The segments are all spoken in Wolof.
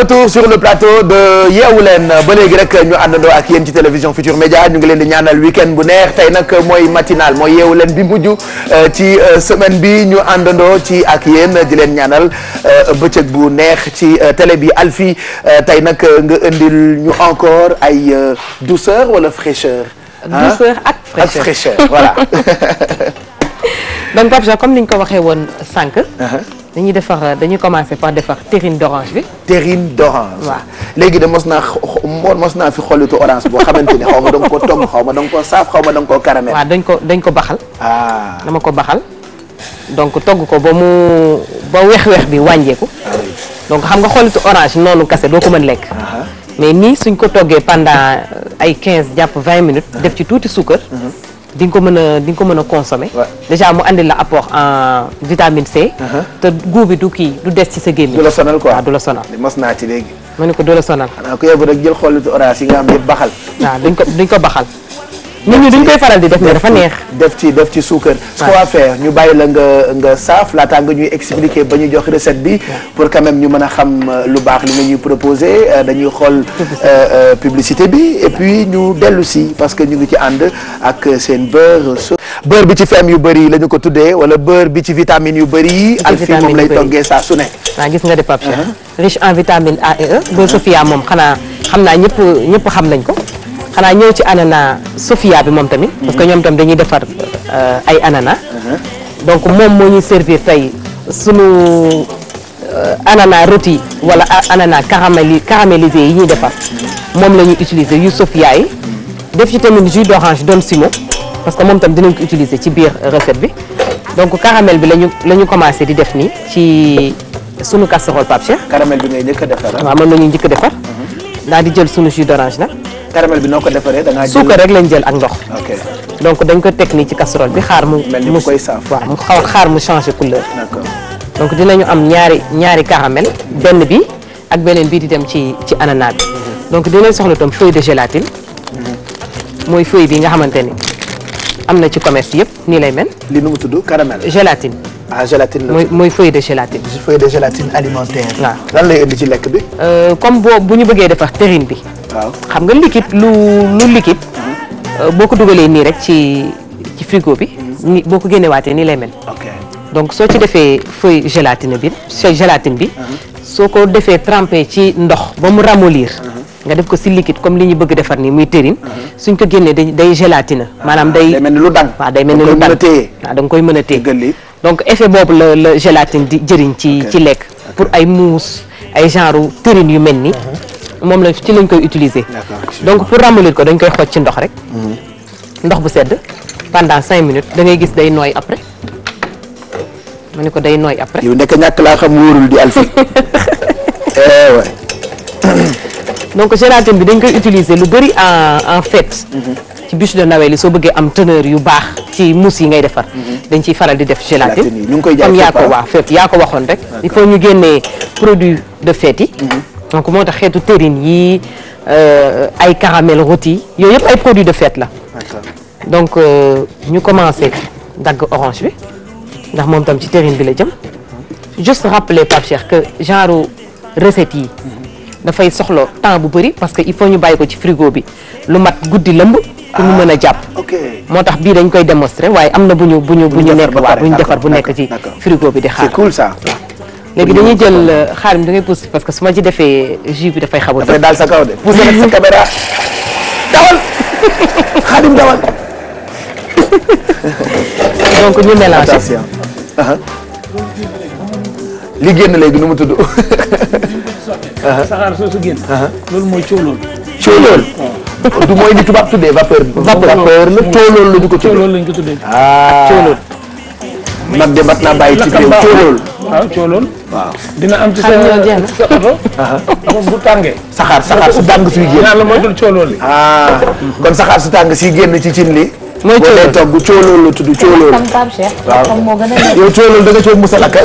retour sur le plateau de Yeewu Leen ba léegi rek ñu àndandoo ak yéen ci télévision Futur Média ñu ngi leen di ñaanal week-end bu neex tey nag mooy matinal mooy Yeewu Leen bi mujj euh, ci euh, semaine bi ñu àndandoo ci ak yéen di leen ñaanal euh, bëccëg bu neex ci télé bi Alfi tey nag nga indil ñu encore ay douceur wala fraîcheur. douceur ak fraîcheur voilà. donc Pape comme ni ñu ko waxee woon sànq. Uh-huh. dañuy defar dañu commencer par defar terrine d'orange bi. terrine d'orange. waaw léegi de mos naa xo mos naa fi xolitu orange boo xamante ne xaw ma da nga koo togg xaw ma da ko koo saaf xaw ma da koo caramel. waaw dañ ko dañ ko baxal. Ah. dama ko baxal. donc togg ko ba mu ba weex-weex bi wàññeeku. Ah. donc xam nga xolitu orange noonu kase doo ko mën lekk. Ah. mais nii suñ ko toggee pendant euh, ay quinze jàpp 20 minutes. def ci tuuti suukar. Mm-hmm. di nga ko mën a di nga ko mën a consommer. déjà mu andi la apport en vitamine C. Uh-huh. te goût bi du kii du des ci sa gémmiñ. du la sonal quoi waaw du la sonal. mos naa ci léegi. ma ne ko du la sonal. ku yóbbu rek jël xollitu orange yi nga xam yëpp baxal. waaw duñ ko duñ ko baxal. nit ñi duñ koy faral di def mais dafa neex. def ci def ci suukar. ce qu'on ñu bàyyi la nga nga saaf laataa nga ñuy expliquer ba ñu jox recette bi. pour quand même ñu mën a xam euh, lu baax li nga ñuy proposer euh, dañuy xool euh, publicité bi et puis ñu dellu si parce que ñu ngi ci ànd ak seen beurre. beurre bi ci fem yu bari lañu ko tuddee wala beurre bi ci vitamines yu bëri yi. alfi moom lay toggee saa su ne. waaw ah, gis nga de papier. Uh-huh. riche en vitamine A et E. beurre Sofia moom xanaa xam naa ñëpp ñëpp xam nañ ko. xanaa ñëw ci anana Sofia bi moom tamit. parce que ñoom tam dañuy defar euh, ay anana. Uh-huh. donc moom moo ñuy servir tey sunu euh, anana rôti wala anana caraméli caramélisé yi ñuy defar moom la ñuy utiliser yu Sofia yi. def ci tamit jus d'orange Don Simo parce que moom tam dinañ ko utiliser ci biir recette bi donc caramel bi lañu la ñu commencé di def nii ci sunu casserole Pape Cheikh. bi ngay njëkk a defar ah? waaw moom la ñuy njëkk defar. Uh-huh. daal di jël sunu jus d'orange nag. da ngaa jël suukar rek lañ jël ak ndox. donc dañ ko teg nii ci casserole bi xaar mu. mel ni mu koy mu xaw xaar mu changé couleur. donc dinañu am ñaari ñaari caramel benn bi ak beneen bi di dem ci ci ananas bi. Mhm. donc dinañ soxla itam feuille de gélatine. Mhm. mooy feuille bi nga xamante ni am na ci commerce yëpp nii lay mel. li nu tudd caramel. gélatine. ah gélatine mooy mooy feuille de gélatine. feuille de gélatine alimentaire. lekk bi. Euh, comme bu ñu bëggee defar terrine bi. xam nga liquide lu lu liquide. Mhm. Euh, boo ko dugalee nii rek ci ci frigo bi. Mhm. boo ko génneewaatee nii lay mel. donc soo ci defee feuille gélatine bi gélatine mhm. bi. soo ko defee trempé ci ndox ba mu ramollir. nga def ko si liquide comme li ñu bëgg defar nii muy terrine. suñ ko génnee day day gélatine. Ah, maanaam day mel ni lu dang. waaw day mel ni lu dang waaw da nga koy mën a téye. donc effet boobu la la gélatine di jëriñ ci ci lekk. pour ay mousse ay genre terrine yu mel nii moom lañ ci lañ koy utiliser. donc pour ramollir ko dañ koy xooj ci ndox rek. ndox bu sedd pendant cinq minutes da ngay gis day nooy après ma ne ko day nooy après. yow nekk ñàkk laa xam wóorul di alfi. Eh donc gélatine bi dañ koy utiliser lu bëri en en fête. Mhm. ci bûche de Noël yi soo bëggee am teneur yu baax ci mousse yi ngay defar. Mhm. dañ ci faral di def gélatine. comme yaa ko waa fépp yaa ko waxoon rek. il faut ñu génnee produit de fête yi. Mhm. donc moo tax xeetu terrine yi euh, ay caramel rôti yooyu yëpp ay produits de fête la. donc euh, ñu commencé dagg orange bi ndax moom tam ci terrine bi la jëm. juste rappeler Pape Cheikh que genre recette yi. dafay soxla temps bu bëri parce que il faut ñu bàyyi ko ci frigo bi lu mat guddi lëmb. pour mu ah, mën a jàpp. moo tax bii dañ koy démontrer waaye am na bu ñu bu ñu bu ñu nekk waaw bu ñu defar bu nekk ci frigo bi di xaar. c'est cool léegi dañuy jël euh, xaarim da ngay pousse parce que su ma ci defee jus bi dafay xaw a. dafay daal sa kaw de pousse rek sa caméra dawal xaarim dawal. donc ñu mélange attention. li génn léegi nu mu tudd. saxaar soosu génn. loolu mooy coolool. coolool. du mooy li tubaab tuddee vapeur. vapeur la coolool la ñu ko tuddee. coolool ko tuddee. Ah. coolool. nag de mat naa bàyyi ci réew coolool waaw ah, coolool waaw dina am ci sa sa oto bu saxaar saxaar su tàng suy génn yàlla mooy dul coolool li ah kon tàng siy génn ci cin li mooy coolool boo dee togg coolool la tudd coolool. tam Pape Cheikh. waaw moo gën a nekk yow coolool danga coow musa lakk.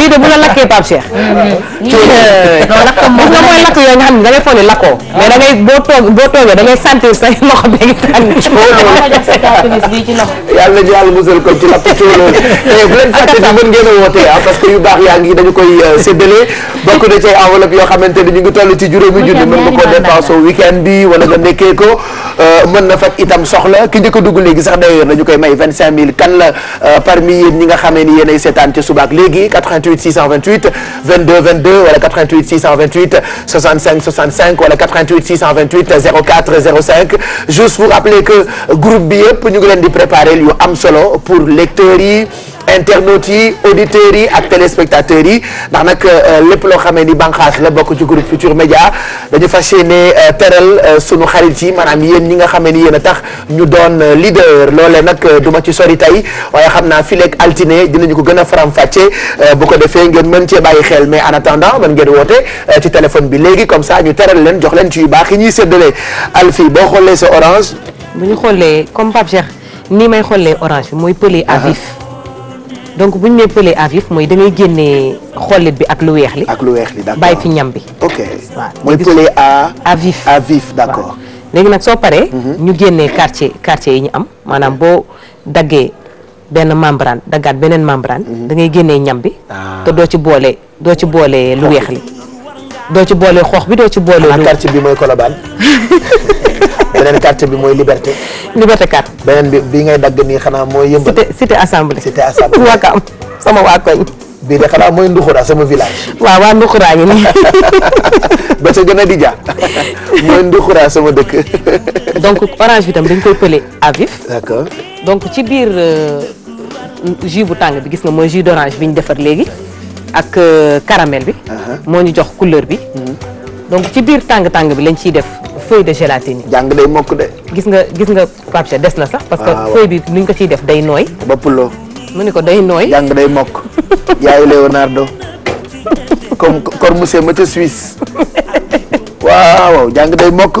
lii de bu la lakkee Pape Cheikh. non lakkam moom la mooy lakk yooyu nga xam ne da ngay foog lakkoo. mais da boo toogee da ngay sentir say loxo beeg tànn. coolool sa cartouche bii ci yàlla na yàlla musal ko ci lapp coono te eh, leen fàtte ni mën ngeen woote ah parce que yu baax yaa ngi dañu koy euh, séddale bokk na ci ay enveloppe yoo nekkee ko euh, mën na faj itam soxla ki njëkk dugg léegi sax d'ailleurs dañu koy may vingt cinq mille kan la euh, parmi yéen ñi nga xamee ni yéen ay seetaan ci subaak léegi 88 628 22 22 wala 88 628 65 65 wala 88 628 04 05 juste pour rappeler que groupe bi yëpp ñu ngi leen di préparer yu am solo pour lecteurs yi internet yi auditeurs yi ak téléspectateurs yi ndax nag euh, lépp loo xamee ni bànqaas la bokk ci groupe Futur Média dañu fas yéene euh, teral euh, sunu xarit yi maanaam yéen ñi nga xamee ni yéen a tax ñu doon leader loolee nag duma ci sori tey waaye xam naa fileeg altine dinañu ko gën a faram-fàccee bu ko defee ngeen mën cee bàyyi xel mais en attendant mën ngeen woote ci téléphone bi léegi comme ça ñu teral leen jox leen ci yu baax yi ñuy séddale Alfie boo xoolee sa orange. bu ñu xoolee nii may xollee orange bi mooy pëlee à donc bu ñu nee pëlee à mooy da génnee xollit bi ak lu weex li. ak lu weex li d'accord bàyyi fi ñam bi. ok mooy pëlee à. à vif à vif léegi nag soo paree. Mhm. ñu génnee quartier quartier yi ñu am maanaam boo daggee benn membrane daggaat beneen membrane. Mhm. da ngay génnee ñam bi. Ah. te doo ci boole doo ci boole lu weex li. doo ci boolee xoox bi doo ci boolee xanaa quartier bi mooy Colobane beneen quartier bi mooy Liberté. Liberté 4. beneen bi bi ngay dagg nii xanaa mooy yëmbal. cité cité assemblée. cité assemblée waa Kaam sama waa koñ. bii de xanaa mooy Nduxura sama village. waaw waa Nduxura ñu nii. ba ca gën a di mooy Nduxura sama dëkk. donc orange bi tam dañ koy pële à vif. donc ci biir euh, jus bu tàng bi gis nga mooy jus d'orange bi ñu defar léegi. ak euh, caramel bi. Uh-huh. moo ñu jox couleur bi. Mm-hmm. donc ci biir tàng tàng bi lañ ciy def feuille de gélatine yi. jàng day mokk de. gis nga gis nga Pape des na sax. parce que ah, feuille bi luñ ko ciy def day nooy. ba pulo. mu ni ko day nooy. jàng day mokk yaayu Leonardo comme comme monsieur Mathieu Suisse. waaw jàng day mokk.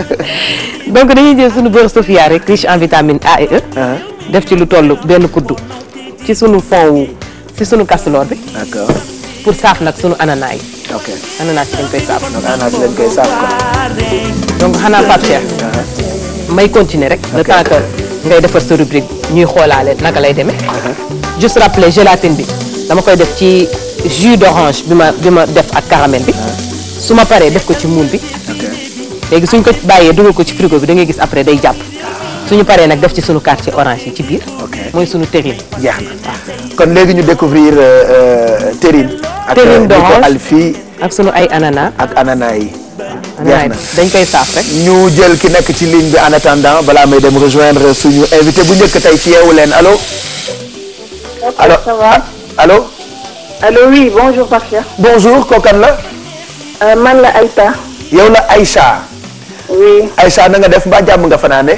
donc dañuy jël sunu beurre sofia rek riche en vitamine A E. Uh-huh. def ci lu toll benn kuddu ci sunu fond ci suñu kastuloor bi. d'accord pour saaf nag suñu ananas yi. ok ananas yi dañ koy saaf. donc ananas donc xanaa Pape Cheikh. Uh-huh. may continuer rek. le temps que ngay defar sa rubrique ñuy xoolaale naka lay demee. Uh-huh. juste rappeler gélatine bi dama koy def ci jus d'orange bi ma bi ma def ak caramel bi. Uh-huh. su ma paree def ko ci muul bi. léegi suñ ko bàyyee dugal ko ci frigo bi dangay gis après day jàpp. Ah. suñu paree nag def ci sunu quartier orange yi ci biir. mooy suñu tëgle. jeex na kon léegi ñu découvrir euh, euh, terrine. terrine euh, d'orange ak ak sunu ay anana. ak anana yi. jeex na dañ koy saaf rek. ñu jël ki nekk ci ligne bi en attendant balaa may dem rejoindre suñu invité bu njëkk tey ci yeewu leen alo allo ça va allo. allo oui bonjour Pape bonjour kookan la. man la Aïcha. yow la Aïcha. oui Aïcha na nga def mbaa jàmm nga fanaane.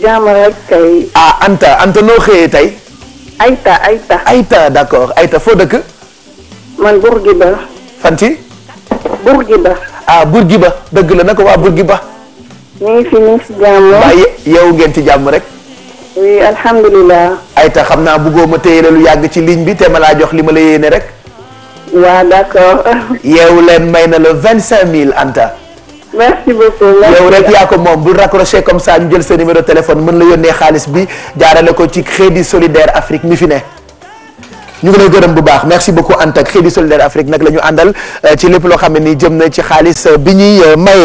jàmm rek kay. ah Anta Anta noo xëyee tey. Aïta Aïta. Aïta d' accord Aïta foo dëkk. man Bourguiba. fan ci. Bourguiba. ah Bourguiba dëgg la naka waa Bourguiba. ñu ngi fi ñu jàmm. waaye yow ngeen ci jàmm rek. oui alhamdulilah. Aïta xam naa bëggoo ma téye la lu yàgg ci ligne bi te ma laa jox li ma la yéene rek. waa d' accord. yeewu leen may na la vingt cinq mille Anta. merci beaucoup yow rek yaa ko moom bul raccroché comme ça ñu jël sa numéro téléphone mën la yónnee xaalis bi jaarale ko ci Crédit Solidaire Afrique mi fi ne. ñu ngi lay gërëm bu baax merci beaucoup Anta Crédit Solidaire Afrique nag la ñu àndal euh, ci lépp loo xam ne ni jëm na ci xaalis euh, bi ñuy euh, maye.